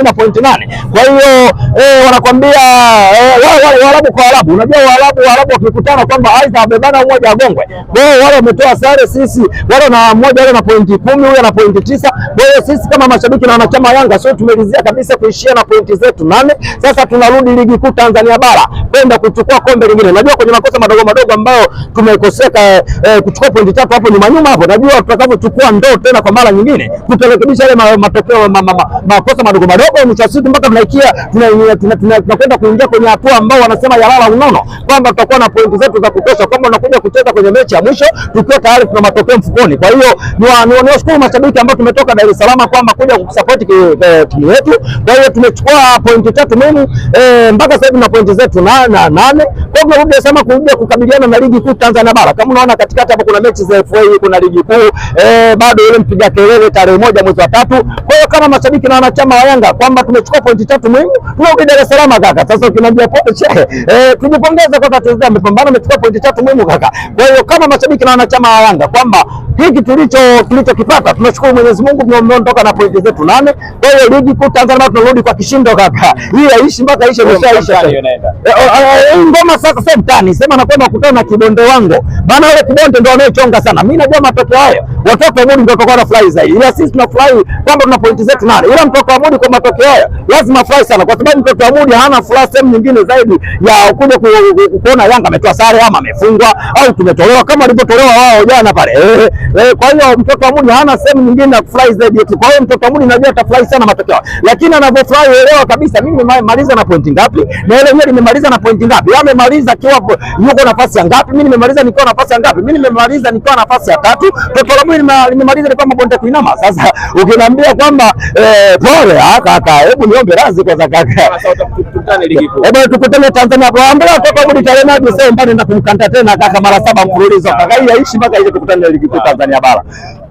na pointi nane. Kwa hiyo eh, wanakwambia eh, wale Waarabu kwa Waarabu, unajua Waarabu Waarabu wakikutana kwamba aidha wabebana mmoja agongwe. Kwa hiyo wale wametoa sare, sisi wale na mmoja wale na pointi kumi, huyo na pointi tisa. Kwa hiyo sisi kama mashabiki na wanachama Yanga sio tumelizia kabisa kuishia na pointi zetu nane. Sasa tunarudi ligi kuu Tanzania bara kwenda kuchukua kombe lingine. Unajua kwenye makosa madogo madogo ambayo tumekoseka eh, eh kuchukua pointi tatu hapo nyuma nyuma hapo, najua tutakavyochukua ndoo tena kwa mara nyingine, tutarekebisha yale matokeo makosa madogo madogo robo mwisho siku mpaka tunaikia tunakwenda kuingia kwenye hatua ambao wanasema yalala unono, kwamba tutakuwa na pointi zetu za kutosha, kwamba unakuja kucheza kwenye mechi ya mwisho tukiwa tayari tuna matokeo mfukoni. Kwa hiyo niwashukuru mashabiki ambao tumetoka Dar es Salaam kwamba kuja kusapoti timu yetu. Kwa hiyo tumechukua pointi tatu muhimu eh, mpaka sasa hivi na pointi zetu na na nane. Kwa hiyo tunarudi sema kuja kukabiliana na ligi kuu Tanzania bara. Kama unaona katikati hapo kuna mechi za FA, kuna ligi kuu eh, bado yule mpiga kelele tarehe moja mwezi wa tatu. Kwa hiyo kama mashabiki na wanachama wa Yanga kwamba tumechukua pointi tatu muhimu, tunarudi Dar es Salaam kaka. Sasa ukiniambia kocha eh, tujipongeze kaka, amepambana, amechukua pointi tatu muhimu kaka. Kwa hiyo kama mashabiki na wanachama wa Yanga kwamba hiki tulicho tulichokipata tunashukuru Mwenyezi Mungu, mmeondoka na pointi zetu nane. Kwa hiyo ligi kuu Tanzania tunarudi kwa kishindo kaka, hii haishi mpaka ishe, imeshaisha eh, oh, oh, oh, hii ngoma. Sasa sasa mtani sema anakwenda kukutana na kibonde wangu, maana wale kibonde ndio wanayechonga sana. Mimi najua matokeo hayo, watoto wa Mudi ndio watakuwa na furahi zaidi, ila sisi tunafurahi kwamba tuna pointi zetu nane, ila mtoto wa Mudi kwa matokeo hayo lazima afurahi sana, kwa sababu mtoto wa Mudi hana furaha sehemu nyingine zaidi ya kuja kuona Yanga ametoa sare ama amefungwa au tumetolewa kama alivyotolewa wao jana pale eh, Eh, Kwa hiyo mtoto wa mudi hana sehemu nyingine ya kufurahi zaidi yetu. Kwa hiyo mtoto wa mudi najua atafurahi sana matokeo, lakini anavyofurahi elewa kabisa, mimi nimemaliza na pointi ngapi, na yeye mwenyewe nimemaliza na pointi ngapi, yeye amemaliza akiwa yuko nafasi ya ngapi, mimi nimemaliza nikiwa nafasi ya ngapi, mimi nimemaliza nikiwa nafasi ya tatu, mtoto wa mudi nimemaliza nikiwa mabonde kuinama. Sasa ukiniambia kwamba eh, pole ah, kaka, hebu niombe radhi kwa zaka kaka, hebu tukutane Tanzania, kwa mtoto wa mudi tarehe sasa Desemba nenda kumkanta tena kaka, mara saba mfululizo kaka, hii haishi mpaka ile tukutane ligi kuu. da minha bala.